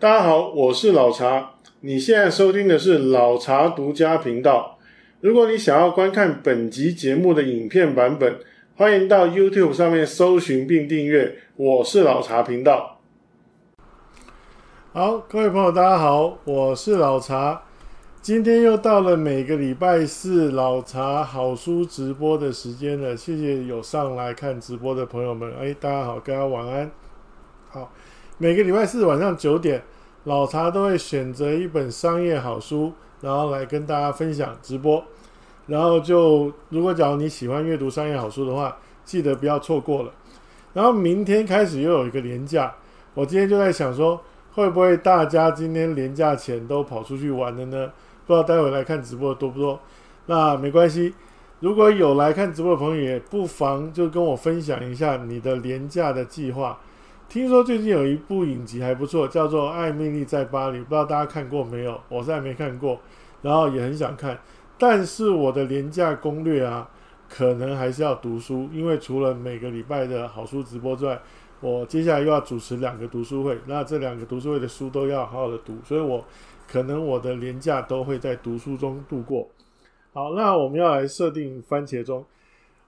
大家好，我是老查。你現在收聽的是老查獨家頻道。如果你想要觀看本集節目的影片版本，歡迎到 YouTube 上面搜尋並訂閱。我是老查頻道。好，各位朋友，大家好，我是老查。今天又到了每個禮拜四老查好書直播的時間了。謝謝有上來看直播的朋友們。哎，大家好，大家晚安。好。每個禮拜四晚上九點，老查都會選擇一本商業好書，然後來跟大家分享直播。然後就如果假如你喜歡閱讀商業好書的話，記得不要錯過了。然後明天開始又有一個連假，我今天就在想說，會不會大家今天連假前都跑出去玩了呢？不知道待會來看直播的多不多。那沒關係，如果有來看直播的朋友，也不妨就跟我分享一下你的連假的計劃。聽說最近有一部影集還不錯，叫做《艾蜜莉在巴黎》，不知道大家看過沒有？我是還沒看過，然後也很想看。但是我的連假攻略啊，可能還是要讀書，因為除了每個禮拜的好書直播之外，我接下來又要主持兩個讀書會，那這兩個讀書會的書都要好好的讀，所以我可能我的連假都會在讀書中度過。好，那我們要來設定番茄鐘。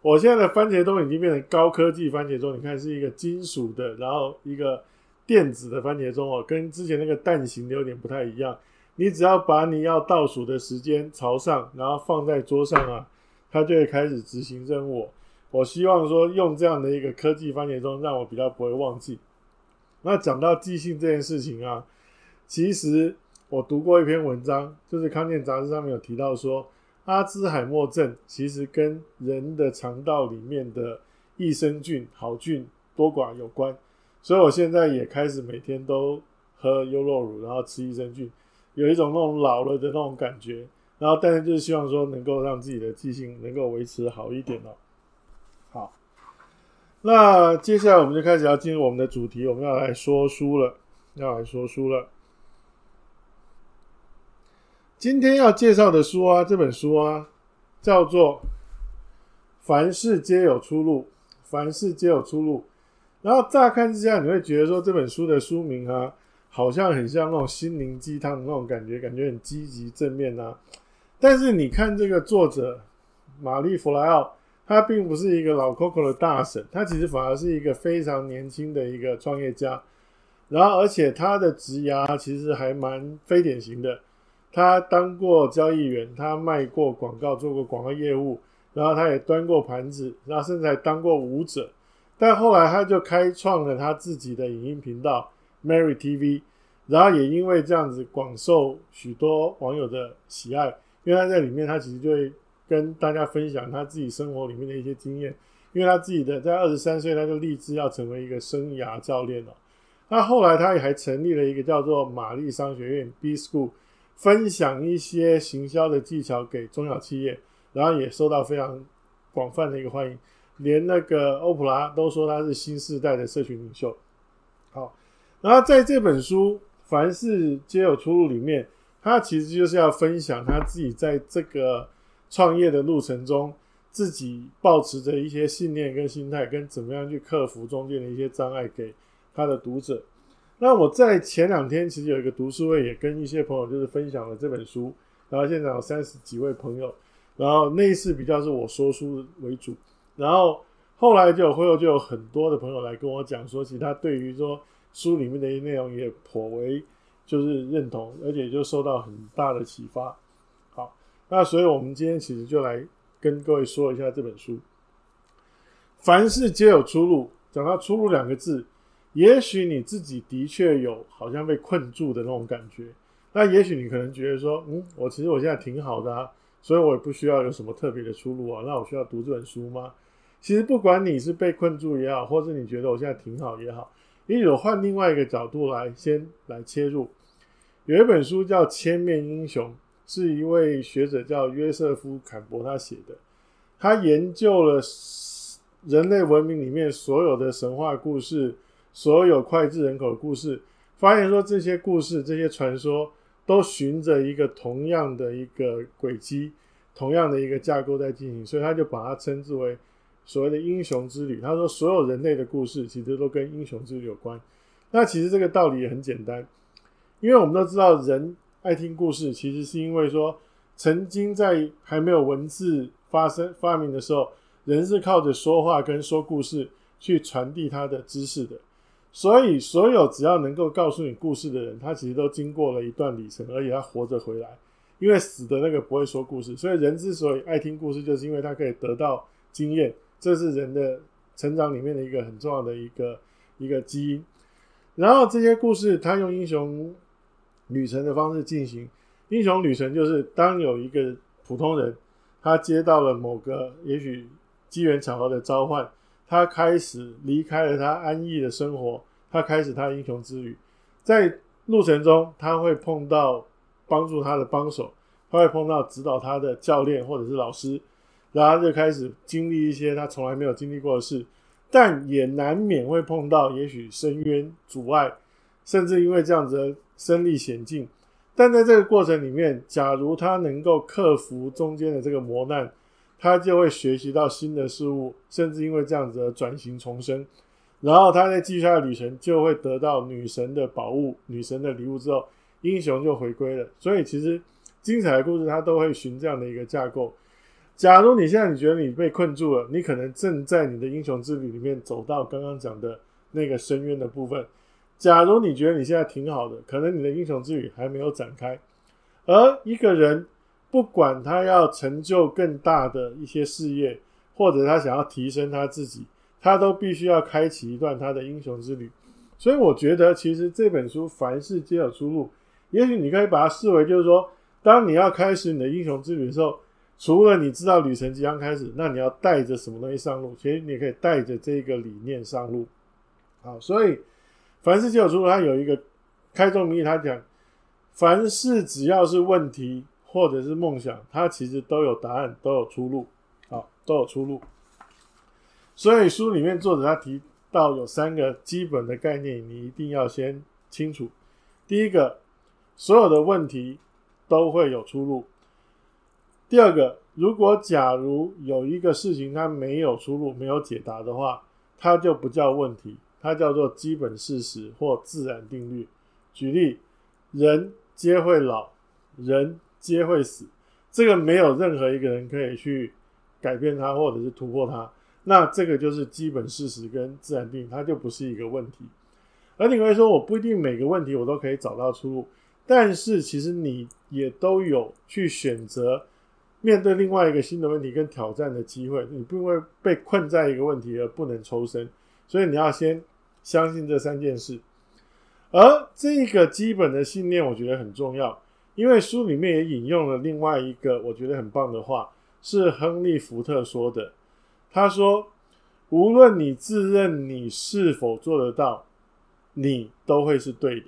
我現在的番茄鐘已經變成高科技番茄鐘，你看是一個金屬的，然後一個電子的番茄鐘哦，跟之前那個蛋形的有點不太一樣。你只要把你要倒數的時間朝上，然後放在桌上啊，它就會開始執行任務。我希望說用這樣的一個科技番茄鐘，讓我比較不會忘記。那講到記性這件事情啊，其實我讀過一篇文章，就是《康健》雜誌上面有提到說。阿茲海默症其實跟人的腸道裡面的益生菌、好菌、多寡有關，所以我現在也開始每天都喝優酪乳，然後吃益生菌，有一種那種老了的那種感覺，然後但是就是希望說能夠讓自己的記性能夠維持好一點哦。好，那接下來我們就開始要進入我們的主題，我們要來說書了，要來說書了。今天要介紹的書啊，這本書啊，叫做《凡事皆有出路》，凡事皆有出路。然後乍看之下，你會覺得說這本書的書名啊，好像很像那種心靈雞湯的那種感覺，感覺很積極正面啊。但是你看這個作者瑪莉佛萊奧，她並不是一個老扣扣的大嬸，她其實反而是一個非常年輕的一個創業家。然後，而且她的職涯其實還蠻非典型的。他當過交易員，他賣過廣告，做過廣告業務，然後他也端過盤子，然後甚至還當過舞者。但後來他就開創了他自己的影音頻道 Marie TV，然後也因為這樣子廣受許多網友的喜愛。因為他在裡面，他其實就會跟大家分享他自己生活裡面的一些經驗。因為他自己的在二十三歲，他就立志要成為一個生涯教練了哦。他後來他也還成立了一個叫做瑪麗商學院 B School。分享一些行銷的技巧給中小企業，然後也受到非常廣泛的一個歡迎，連那個歐普拉都說他是新世代的社群領袖。好，然後在這本書《凡事皆有出路》裡面，他其實就是要分享他自己在這個創業的路程中，自己抱持着一些信念跟心態，跟怎麼樣去克服中間的一些障礙給他的讀者。那我在前兩天其實有一個讀書會，也跟一些朋友就是分享了這本書，然後現場有三十幾位朋友，然後那一次比較是我說書為主，然後後來就有就有很多的朋友來跟我講說，其實他對於說書裡面的一些內容也頗為就是認同，而且就受到很大的啟發。好，那所以我們今天其實就來跟各位說一下這本書，凡事皆有出路。講到“出路”兩個字，也許你自己的確有好像被困住的那種感覺，那也許你可能覺得說，嗯，我其實我現在挺好的啊，所以我也不需要有什麼特別的出路啊。那我需要讀這本書嗎？其實不管你是被困住也好，或者你覺得我現在挺好也好，也許我換另外一個角度來先來切入。有一本書叫《千面英雄》，是一位學者叫約瑟夫·坎伯他寫的，他研究了人類文明裡面所有的神話故事。所有膾炙人口的故事，發現說這些故事、這些傳說都循着一個同樣的一個軌跡、同樣的一個架構在進行，所以他就把它稱之為所謂的英雄之旅。他說，所有人類的故事其實都跟英雄之旅有關。那其實這個道理也很簡單，因為我們都知道，人愛聽故事，其實是因為說曾經在還沒有文字發生發明的時候，人是靠着說話跟說故事去傳遞他的知識的。所以，所有只要能夠告訴你故事的人，他其實都經過了一段旅程，而且他活着回來，因為死的那個不會說故事。所以，人之所以愛聽故事，就是因為他可以得到經驗，這是人的成長裡面的一個很重要的一個一個基因。然後，這些故事他用英雄旅程的方式進行。英雄旅程就是，當有一個普通人，他接到了某個也許機緣巧合的召喚。他開始離開了他安逸的生活，他開始他英雄之旅，在路程中他會碰到幫助他的幫手，他會碰到指導他的教練或者是老師，然後就開始經歷一些他從來沒有經歷過的事，但也難免會碰到也許深淵阻礙，甚至因為這樣子的身歷險境。但在這個過程裡面，假如他能夠克服中間的這個磨難。他就會學習到新的事物，甚至因為這樣子而轉型重生，然後他在繼續他的旅程，就會得到女神的寶物、女神的禮物之後，英雄就回歸了。所以其實精彩的故事，他都會循這樣的一個架構。假如你現在你覺得你被困住了，你可能正在你的英雄之旅裡面走到剛剛講的那個深淵的部分。假如你覺得你現在挺好的，可能你的英雄之旅還沒有展開，而一個人。不管他要成就更大的一些事業，或者他想要提升他自己，他都必須要開啟一段他的英雄之旅。所以我覺得，其實這本書凡事皆有出路。也許你可以把它視為，就是說，當你要開始你的英雄之旅的時候，除了你知道旅程即將開始，那你要帶着什麼東西上路？其實你可以帶着這個理念上路。好，所以凡事皆有出路。他有一個開宗明義，他講，凡事只要是問題。或者是夢想，它其實都有答案，都有出路，好，都有出路。所以書裡面作者他提到有三個基本的概念，你一定要先清楚。第一個，所有的問題都會有出路。第二個，如果假如有一個事情它沒有出路，沒有解答的話，它就不叫問題，它叫做基本事實或自然定律。舉例，人皆會老，人，皆會死，這個沒有任何一個人可以去改變它，或者是突破它。那這個就是基本事實跟自然定律，它就不是一個問題。而你會說，我不一定每個問題我都可以找到出路，但是其實你也都有去選擇面對另外一個新的問題跟挑戰的機會。你不會被困在一個問題而不能抽身，所以你要先相信這三件事。而這個基本的信念，我覺得很重要。因為書裡面也引用了另外一個我覺得很棒的話，是亨利福特說的。他說：“無論你自認你是否做得到，你都會是對的。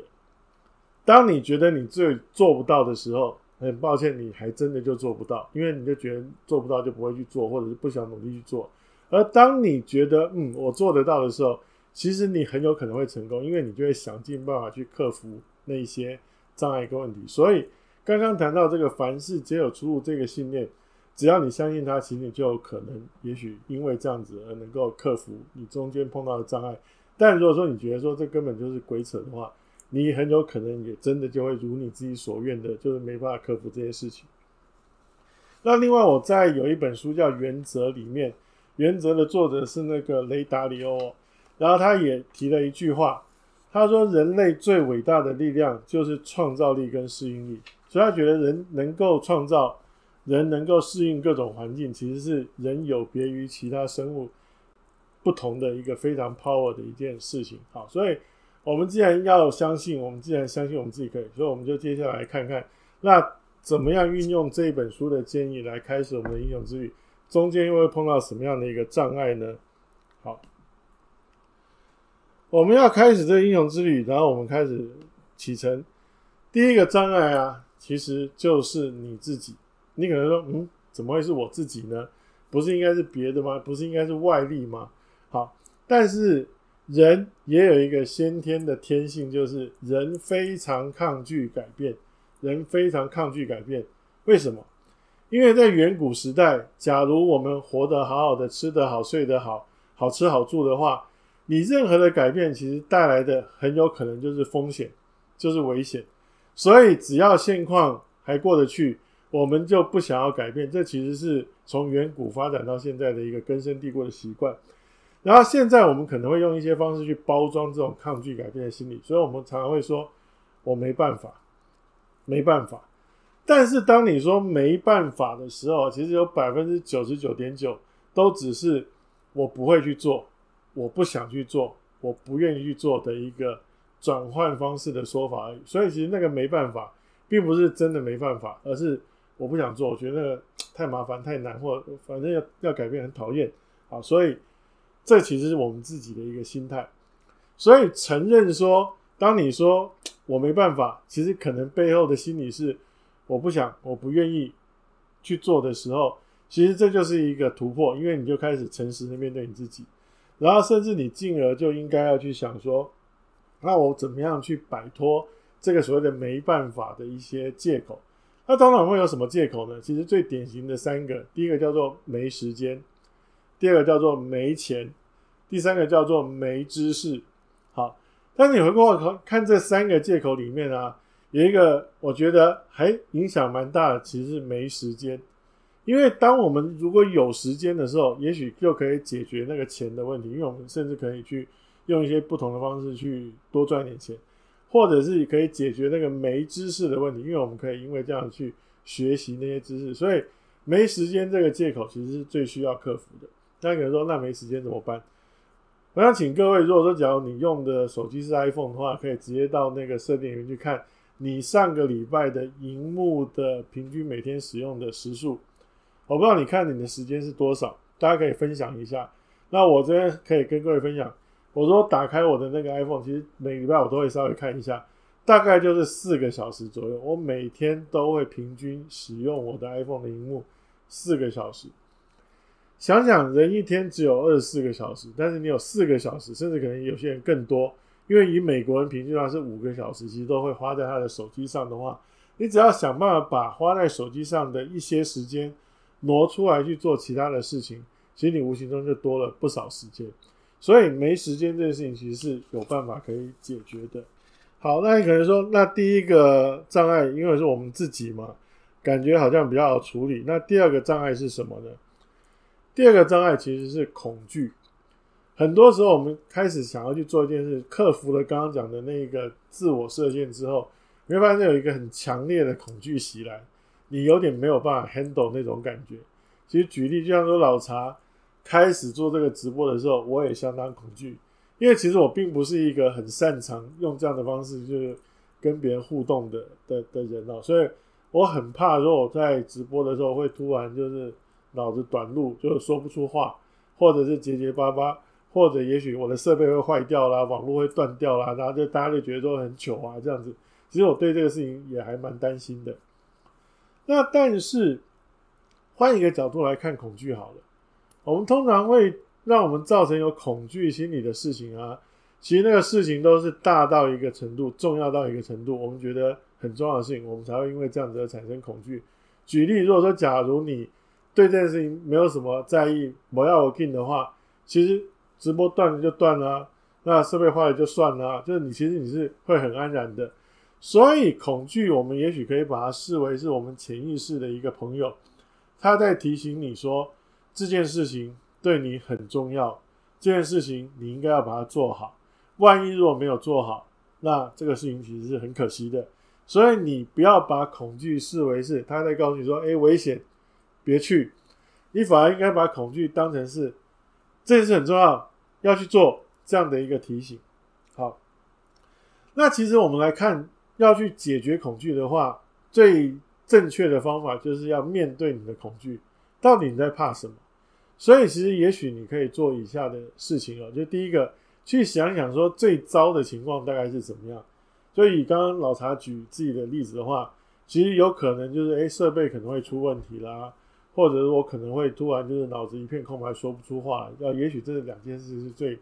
當你覺得你最做不到的時候，很抱歉，你還真的就做不到，因為你就覺得做不到就不會去做，或者是不想努力去做。而當你覺得嗯，我做得到的時候，其實你很有可能會成功，因為你就會想盡辦法去克服那些。”障礙一個問題，所以剛剛談到這個凡事皆有出路這個信念，只要你相信它，其實你就有可能，也許因為這樣子而能夠克服你中間碰到的障礙。但如果說你覺得說這根本就是鬼扯的話，你很有可能也真的就會如你自己所願的，就是沒辦法克服這些事情。那另外我在有一本書叫《原則》裡面，《原則》的作者是那個雷·達里歐，然後他也提了一句話。他說：“人類最偉大的力量就是創造力跟適應力，所以他覺得人能夠創造，人能夠適應各種環境，其實是人有別於其他生物不同的一個非常 power 的一件事情。”好，所以我們既然要相信，我們既然相信我們自己可以，所以我們就接下來看看，那怎麼樣運用這一本書的建議來開始我們的英雄之旅？中間又會碰到什麼樣的一個障礙呢？好。我們要開始這個英雄之旅，然後我們開始啟程。第一個障礙啊，其實就是你自己。你可能說，嗯，怎麼會是我自己呢？不是應該是別的嗎？不是應該是外力嗎？好，但是人也有一個先天的天性，就是人非常抗拒改變。人非常抗拒改變，為什麼？因為在遠古時代，假如我們活得好好的，吃得好，睡得好，好吃好住的話，你任何的改變，其實帶來的很有可能就是風險，就是危險。所以只要現況還過得去，我們就不想要改變。這其實是從遠古發展到現在的一個根深蒂固的習慣。然後現在我們可能會用一些方式去包裝這種抗拒改變的心理，所以我們常常會說“我沒辦法，沒辦法”。但是當你說“沒辦法”的時候，其實有百分之九十九點九都只是我不會去做。我不想去做，我不願意去做的一個轉換方式的說法而已。所以其實那個沒辦法，並不是真的沒辦法，而是我不想做，我覺得那個太麻煩、太難，或反正要要改變很討厭啊。所以這其實是我們自己的一個心態。所以承認說，當你說我沒辦法，其實可能背後的心理是我不想、我不願意去做的時候，其實這就是一個突破，因為你就開始誠實的面對你自己。然後，甚至你進而就應該要去想說，那我怎麼樣去擺脫這個所謂的沒辦法的一些借口？那當然會有什麼借口呢？其實最典型的三個，第一個叫做沒時間，第二個叫做沒錢，第三個叫做沒知識。好，但你回過頭看這三個借口裡面啊，有一個我覺得還影響蠻大的，其實是沒時間。因為，當我們如果有時間的時候，也許就可以解決那個錢的問題，因為我們甚至可以去用一些不同的方式去多賺點錢，或者是可以解決那個沒知識的問題，因為我們可以因為這樣去學習那些知識。所以，沒時間這個借口其實是最需要克服的。那有人說：“那沒時間怎麼辦？”我想請各位，如果說假如你用的手機是 iPhone 的話，可以直接到那個設定裡面去看你上個禮拜的熒幕的平均每天使用的時數。我不知道你看你的時間是多少，大家可以分享一下。那我這邊可以跟各位分享，我說打開我的那個 iPhone，其實每禮拜我都會稍微看一下，大概就是四個小時左右。我每天都會平均使用我的 iPhone 的熒幕四個小時。想想人一天只有二十四個小時，但是你有四個小時，甚至可能有些人更多，因為以美國人平均的話是五個小時，其實都會花在他的手機上的話，你只要想辦法把花在手機上的一些時間，挪出來去做其他的事情，其實你無形中就多了不少時間，所以沒時間這件事情其實是有辦法可以解決的。好，那你可能說，那第一個障礙，因為是我們自己嘛，感覺好像比較好處理。那第二個障礙是什麼呢？第二個障礙其實是恐懼。很多時候，我們開始想要去做一件事，克服了剛剛講的那一個自我設限之後，你會發現有一個很強烈的恐懼襲來。你有點沒有辦法 handle 那種感覺。其實舉例，就像說老查開始做這個直播的時候，我也相當恐懼，因為其實我並不是一個很擅長用這樣的方式，就是跟別人互動的的的人哦。所以我很怕，說我在直播的時候會突然就是腦子短路，就是說不出話，或者是結結巴巴，或者也許我的設備會壞掉啦，網絡會斷掉啦，然後就大家就覺得說很糗啊，這樣子。其實我對這個事情也還蠻擔心的。那但是，換一個角度來看恐懼好了。我們通常會讓我們造成有恐懼心理的事情啊，其實那個事情都是大到一個程度，重要到一個程度，我們覺得很重要的事情，我們才會因為這樣子而產生恐懼。舉例，如果說假如你對這件事情沒有什麼在意，我要我聽的話，其實直播斷了就斷了，啊，那設備壞了就算了，啊，就是你其實你是會很安然的。所以，恐懼，我們也許可以把它視為是我們潛意識的一個朋友，他在提醒你說這件事情對你很重要，這件事情你應該要把它做好。萬一如果沒有做好，那這個事情其實是很可惜的。所以，你不要把恐懼視為是他在告訴你說：“哎，危險，別去。”你反而應該把恐懼當成是這件事很重要，要去做這樣的一個提醒。好，那其實我們來看。要去解決恐懼的話，最正確的方法就是要面對你的恐懼，到底你在怕什麼？所以其實也許你可以做以下的事情哦，就第一個，去想想說最糟的情況大概是怎麼樣。所以以剛剛老查舉自己的例子的話，其實有可能就是誒，設備可能會出問題啦，或者我可能會突然就是腦子一片空白說不出話，要也許這是兩件事是最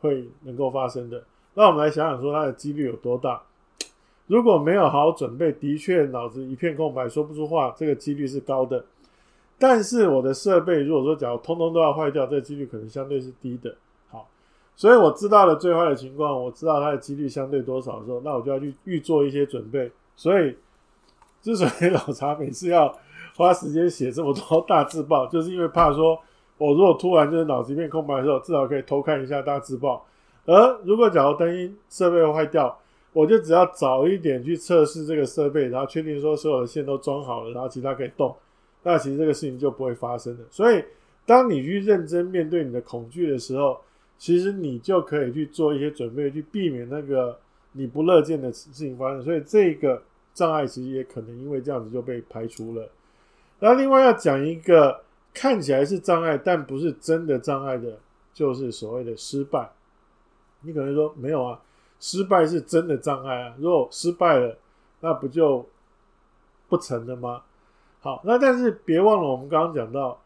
會能夠發生的。那我們來想想說它的幾率有多大？如果沒有好好準備，的確腦子一片空白，說不出話，這個幾率是高的。但是我的設備，如果說假如通通都要壞掉，這個幾率可能相對是低的。好，所以我知道了最壞的情況，我知道它的幾率相對多少的時候，那我就要去預做一些準備。所以，之所以老查每次要花時間寫這麼多大字報，就是因為怕說我如果突然就是腦子一片空白的時候，至少可以偷看一下大字報。而如果假如燈音設備會壞掉，我就只要早一點去測試這個設備，然後確定說所有的線都裝好了，然後其他可以動，那其實這個事情就不會發生了。所以，當你去認真面對你的恐懼的時候，其實你就可以去做一些準備，去避免那個你不樂見的事情發生。所以，這個障礙其實也可能因為這樣子就被排除了。然後，另外要講一個看起來是障礙，但不是真的障礙的，就是所謂的失敗。你可能說沒有啊。失敗是真的障礙啊，如果失敗了，那不就不成了嗎？好，那但是別忘了，我們剛剛講到，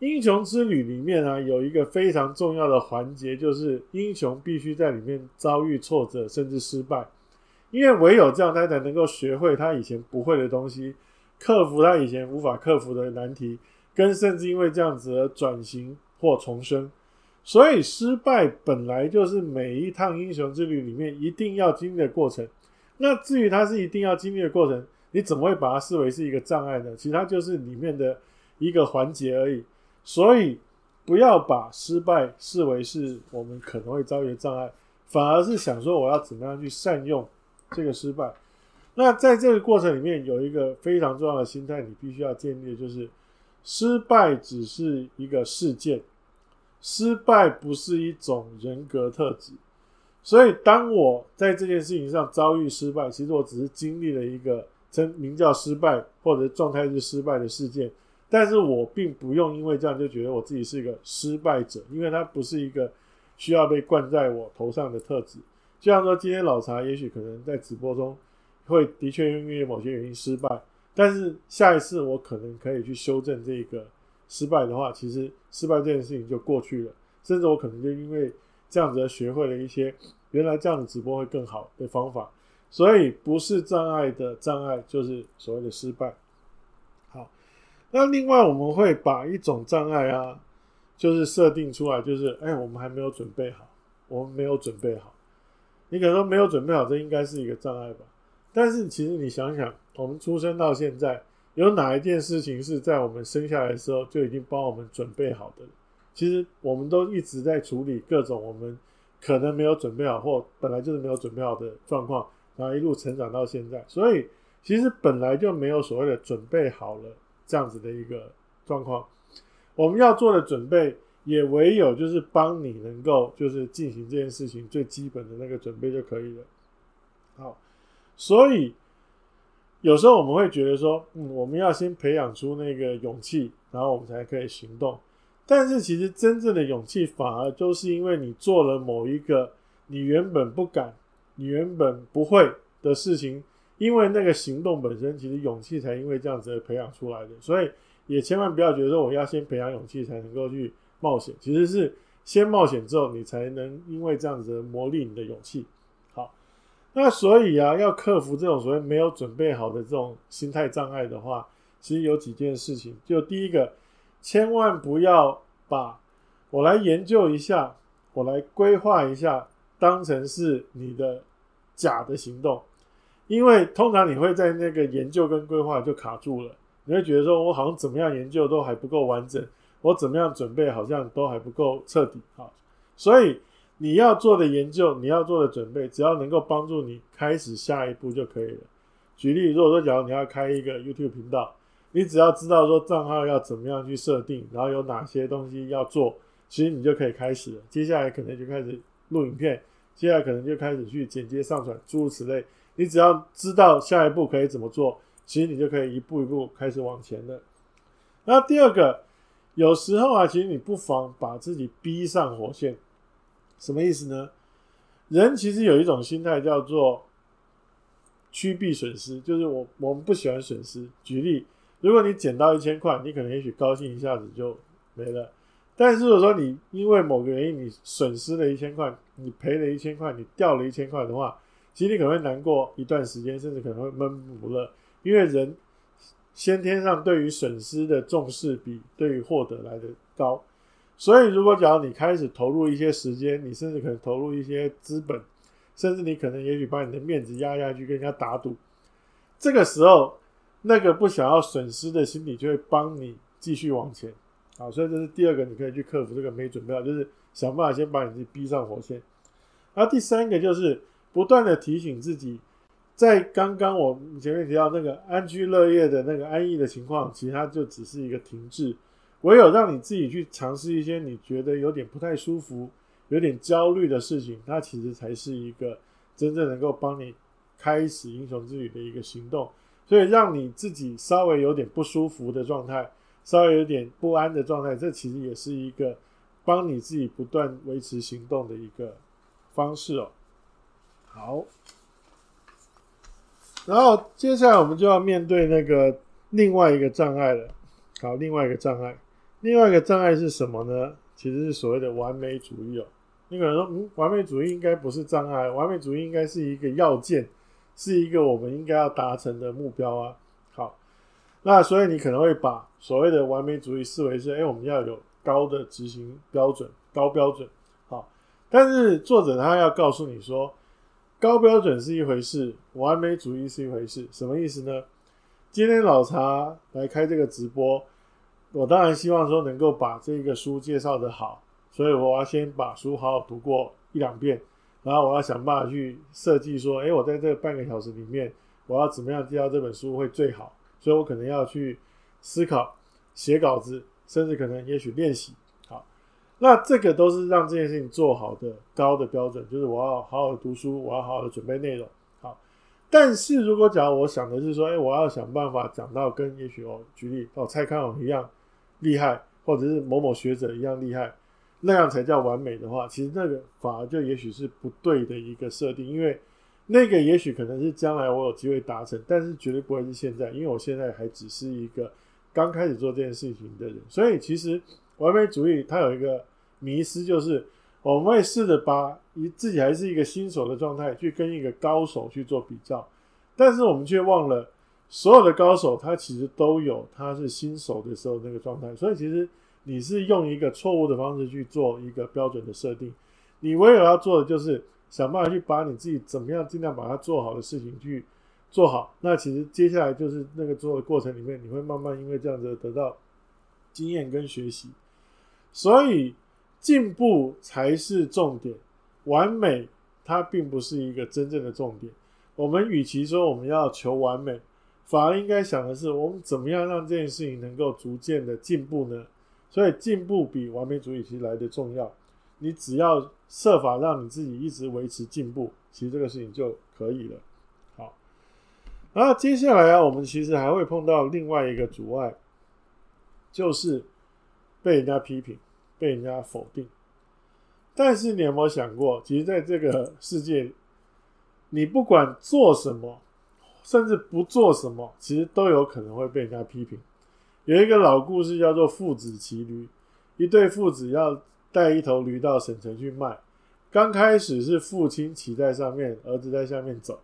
英雄之旅裡面呢、啊，有一個非常重要的環節，就是英雄必須在裡面遭遇挫折，甚至失敗，因為唯有這樣，他才能夠學會他以前不會的東西，克服他以前無法克服的難題，跟甚至因為這樣子而轉型或重生。所以失敗本來就是每一趟英雄之旅裡面一定要經歷的過程。那至於它是一定要經歷的過程，你怎麼會把它視為是一個障礙呢？其實它就是裡面的一個環節而已。所以不要把失敗視為是我們可能會遭遇的障礙，反而是想說我要怎麼樣去善用這個失敗。那在這個過程裡面，有一個非常重要的心態，你必須要建立，就是失敗只是一個事件。失敗不是一種人格特質，所以當我在這件事情上遭遇失敗，其實我只是經歷了一個稱名叫失敗或者狀態是失敗的事件，但是我並不用因為這樣就覺得我自己是一個失敗者，因為它不是一個需要被冠在我頭上的特質。就像說，今天老查也許可能在直播中會的確因為某些原因失敗，但是下一次我可能可以去修正這個。失敗的話，其實失敗這件事情就過去了。甚至我可能就因為這樣子，學會了一些原來這樣子直播會更好的方法。所以不是障礙的障礙，就是所謂的失敗。好，那另外我們會把一種障礙啊，就是設定出來，就是哎、欸，我們還沒有準備好，我們沒有準備好。你可能說沒有準備好，這應該是一個障礙吧？但是其實你想想，我們出生到現在。有哪一件事情是在我們生下來的時候就已經幫我們準備好的？其實我們都一直在處理各種我們可能沒有準備好，或本來就是沒有準備好的狀況，然後一路成長到現在。所以其實本來就沒有所謂的準備好了這樣子的一個狀況。我們要做的準備，也唯有就是幫你能夠就是進行這件事情最基本的那個準備就可以了。好，所以。有時候我們會覺得說，嗯，我們要先培養出那個勇氣，然後我們才可以行動。但是其實真正的勇氣，反而就是因為你做了某一個你原本不敢、你原本不會的事情，因為那個行動本身，其實勇氣才因為這樣子而培養出來的。所以也千萬不要覺得說，我要先培養勇氣才能夠去冒險。其實是先冒險之後，你才能因為這樣子磨礪你的勇氣。那所以啊，要克服這種所謂沒有準備好的這種心態障礙的話，其實有幾件事情。就第一個，千萬不要把我來研究一下，我來規劃一下，當成是你的假的行動，因為通常你會在那個研究跟規劃就卡住了，你會覺得說，我好像怎麼樣研究都還不夠完整，我怎麼樣準備好像都還不夠徹底啊，所以。你要做的研究，你要做的準備，只要能夠幫助你開始下一步就可以了。舉例，如果說假如你要開一個 YouTube 頻道，你只要知道說賬號要怎麼樣去設定，然後有哪些東西要做，其實你就可以開始了。接下來可能就開始錄影片，接下來可能就開始去剪接、上傳，諸如此類。你只要知道下一步可以怎麼做，其實你就可以一步一步開始往前了。那第二個，有時候啊，其實你不妨把自己逼上火線。什麼意思呢？人其實有一種心態叫做趨避損失，就是我我們不喜歡損失。舉例，如果你撿到一千塊，你可能也許高興一下子就沒了；但是如果說你因為某個原因你損失了一千塊，你賠了一千塊，你掉了一千塊的話，其實你可能會難過一段時間，甚至可能會悶悶不樂，因為人先天上對於損失的重視比對於獲得來得高。所以，如果假如你開始投入一些時間，你甚至可能投入一些資本，甚至你可能也許把你的面子壓下去跟人家打賭，這個時候，那個不想要損失的心理就會幫你繼續往前。好，所以這是第二個你可以去克服這個沒準備好，就是想辦法先把你自己逼上火線。然後第三個就是不斷的提醒自己，在剛剛我前面提到那個安居樂業的那個安逸的情況，其實它就只是一個停滯。唯有讓你自己去嘗試一些你覺得有點不太舒服、有點焦慮的事情，它其實才是一個真正能夠幫你開始英雄之旅的一個行動。所以，讓你自己稍微有點不舒服的狀態，稍微有點不安的狀態，這其實也是一個幫你自己不斷維持行動的一個方式哦。好，然後接下來我們就要面對那個另外一個障礙了。好，另外一個障礙。另外一個障礙是什麼呢？其實是所謂的完美主義哦。你可能說，嗯，完美主義應該不是障礙，完美主義應該是一個要件，是一個我們應該要達成的目標啊。好，那所以你可能會把所謂的完美主義視為是，誒、哎，我們要有高的執行標準，高標準。好，但是作者他要告訴你說，高標準是一回事，完美主義是一回事，什麼意思呢？今天老查來開這個直播。我當然希望說能夠把這個書介紹得好，所以我要先把書好好讀過一兩遍，然後我要想辦法去設計說，誒，我在這半個小時裡面，我要怎麼樣介紹這本書會最好？所以我可能要去思考、寫稿子，甚至可能也許練習，好。那這個都是讓這件事情做好的高的標準，就是我要好好讀書，我要好好的準備內容，好。但是如果假如我想的是說，誒，我要想辦法講到跟也許我、哦、舉例哦蔡康永，一樣。厲害，或者是某某學者一樣厲害，那樣才叫完美的話，其實那個反而就也許是不對的一個設定，因為那個也許可能是將來我有機會達成，但是絕對不會是現在，因為我現在還只是一個剛開始做這件事情的人。所以，其實完美主義它有一個迷思，就是我們會試着把一，自己還是一個新手的狀態去跟一個高手去做比較，但是我們卻忘了。所有的高手，他其實都有他是新手的時候的那個狀態，所以其實你是用一個錯誤的方式去做一個標準的設定，你唯有要做的就是想辦法去把你自己怎麼樣盡量把它做好的事情去做好。那其實接下來就是那個做的過程裡面，你會慢慢因為這樣子得到經驗跟學習，所以進步才是重點，完美它並不是一個真正的重點。我們與其說我們要求完美。反而應該想的是，我們怎麼樣讓這件事情能夠逐漸的進步呢？所以進步比完美主義其實來得重要。你只要設法讓你自己一直維持進步，其實這個事情就可以了。好，然後接下來啊，我們其實還會碰到另外一個阻礙，就是被人家批評、被人家否定。但是你有沒有想過，其實在這個世界，你不管做什麼。甚至不做什麼，其實都有可能會被人家批評。有一個老故事叫做“父子騎驢”，一對父子要帶一頭驢到省城去賣。剛開始是父親騎在上面，兒子在下面走。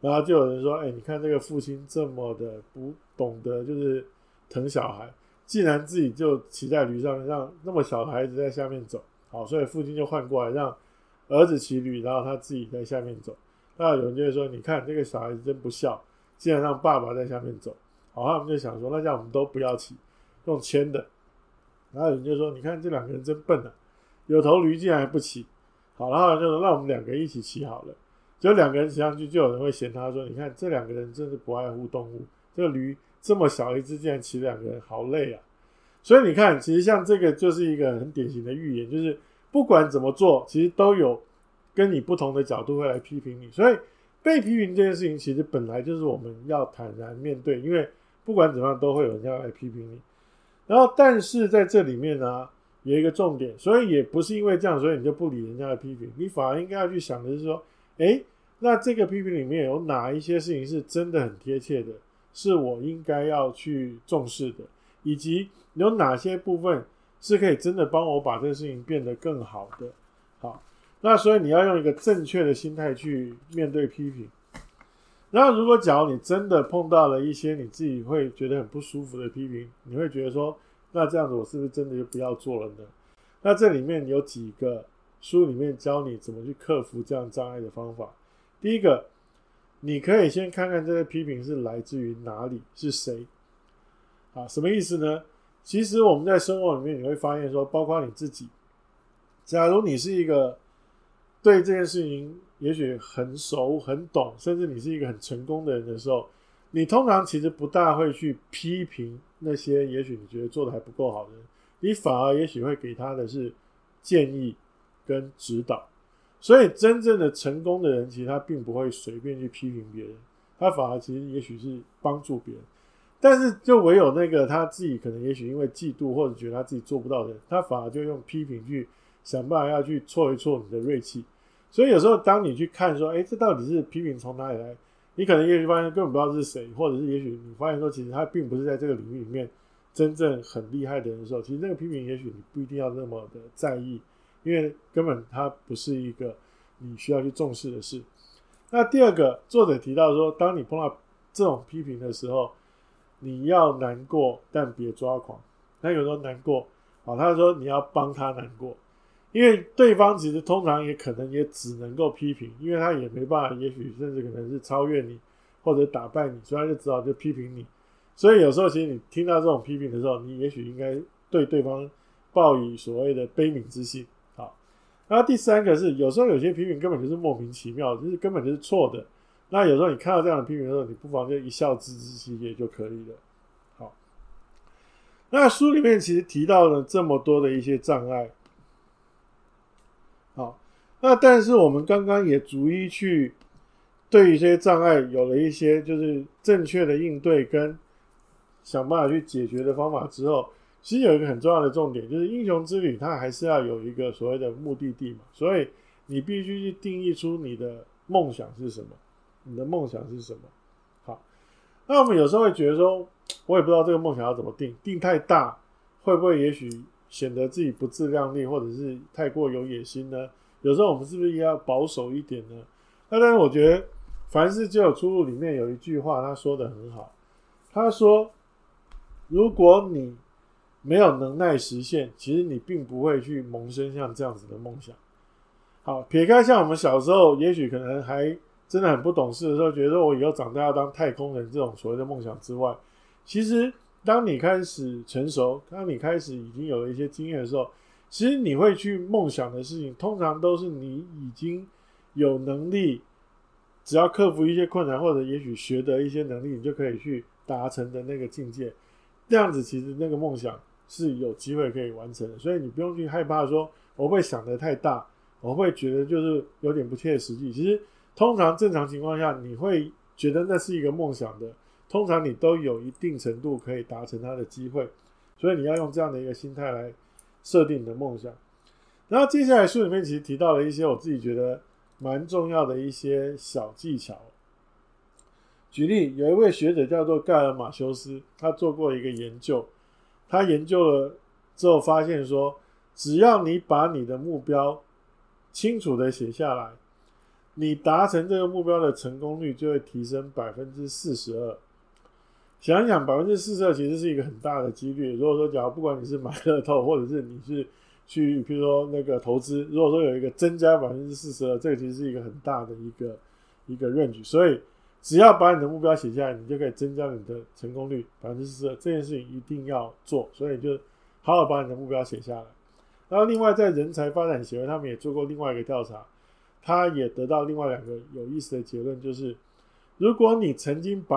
然後就有人說：“哎，你看這個父親這麼的不懂得，就是疼小孩，竟然自己就騎在驢上面，讓那麼小的孩子在下面走。”好，所以父親就換過來讓兒子騎驢，然後他自己在下面走。那有人就會說：“你看這個小孩子真不孝，竟然讓爸爸在下面走。”好，那我們就想說：“那這樣我們都不要騎，用牽的。”然後有人就說：“你看這兩個人真笨啊，有頭驢竟然還不騎。”好，然後就說：“那我們兩個一起騎好了。”就兩個人騎上去，就有人會嫌他說：“你看這兩個人真是不愛護動物，這個驢這麼小一隻，竟然騎兩個人，好累啊！”所以你看，其實像這個就是一個很典型的寓言，就是不管怎麼做，其實都有。跟你不同的角度會來批評你，所以被批評這件事情其實本來就是我們要坦然面對，因為不管怎麼樣都會有人要來批評你。然後，但是在這裡面呢，有一個重點，所以也不是因為這樣，所以你就不理人家的批評，你反而應該要去想的是說，誒，那這個批評裡面有哪一些事情是真的很貼切的，是我應該要去重視的，以及有哪些部分是可以真的幫我把這個事情變得更好的。那所以你要用一個正確的心態去面對批評。那如果假如你真的碰到了一些你自己會覺得很不舒服的批評，你會覺得說，那這樣子我是不是真的就不要做了呢？那這裡面有幾個書裡面教你怎麼去克服這樣障礙的方法。第一個，你可以先看看這些批評是來自於哪裡，是誰。啊，什麼意思呢？其實我們在生活裡面你會發現說，說包括你自己，假如你是一個。對這件事情，也許很熟、很懂，甚至你是一個很成功的人的時候，你通常其實不大會去批評那些也許你覺得做得還不夠好的人，你反而也許會給他的是建議跟指導。所以，真正的成功的人，其實他並不會隨便去批評別人，他反而其實也許是幫助別人。但是，就唯有那個他自己可能也許因為嫉妒或者覺得他自己做不到的人，他反而就用批評去。想辦法要去挫一挫你的銳氣，所以有時候當你去看說，哎、欸，這到底是批評從哪裡來？你可能也許發現根本不知道是誰，或者是也許你發現說，其實他並不是在這個領域裡面真正很厲害的人的時候，其實那個批評，也許你不一定要那麼的在意，因為根本他不是一個你需要去重視的事。那第二個作者提到說，當你碰到這種批評的時候，你要難過，但別抓狂。那有時候難過，好，他說你要幫他難過。因為對方其實通常也可能也只能夠批評，因為他也沒辦法，也許甚至可能是超越你或者打敗你，所以他就只好就批評你。所以有時候其實你聽到這種批評的時候，你也許應該對對方抱以所謂的悲憫之心。好，那第三個是有時候有些批評根本就是莫名其妙，就是根本就是錯的。那有時候你看到這樣的批評的時候，你不妨就一笑置之其實也就可以了。好，那書裡面其實提到了這麼多的一些障礙。那但是我們剛剛也逐一去對一些障礙有了一些就是正確的應對跟想辦法去解決的方法之後，其實有一個很重要的重點，就是英雄之旅它還是要有一個所謂的目的地嘛。所以你必須去定義出你的夢想是什麼，你的夢想是什麼。好，那我們有時候會覺得說，我也不知道這個夢想要怎麼定，定太大會不會也許顯得自己不自量力，或者是太過有野心呢？有時候我們是不是應該要保守一點呢？那當然，我覺得凡事皆有出路裡面有一句話，他說得很好。他說：“如果你沒有能耐實現，其實你並不會去萌生像這樣子的夢想。”好，撇開像我們小時候，也許可能還真的很不懂事的時候，覺得我以後長大要當太空人這種所謂的夢想之外，其實當你開始成熟，當你開始已經有了一些經驗的時候。其實你會去夢想的事情，通常都是你已經有能力，只要克服一些困難，或者也許學得一些能力，你就可以去達成的那個境界。這樣子其實那個夢想是有機會可以完成的，所以你不用去害怕說我會想得太大，我會覺得就是有點不切實際。其實通常正常情況下，你會覺得那是一個夢想的，通常你都有一定程度可以達成它的機會，所以你要用這樣的一個心態來設定你的夢想，然後接下來書裡面其實提到了一些我自己覺得蠻重要的一些小技巧。舉例，有一位學者叫做蓋爾馬修斯，他做過一個研究，他研究了之後發現說，只要你把你的目標清楚的寫下來，你達成這個目標的成功率就會提升百分之四十二。想一想，百分之四十二其實是一個很大的幾率。如果說，假如不管你是買樂透，或者是你是去，譬如說那個投資，如果說有一個增加百分之四十二，這個其實是一個很大的一個一個 range。所以，只要把你的目標寫下來，你就可以增加你的成功率。百分之四十二這件事情一定要做，所以就好好把你的目標寫下來。然後，另外在人才發展協會，他們也做過另外一個調查，他也得到另外兩個有意思的結論，就是如果你曾經把。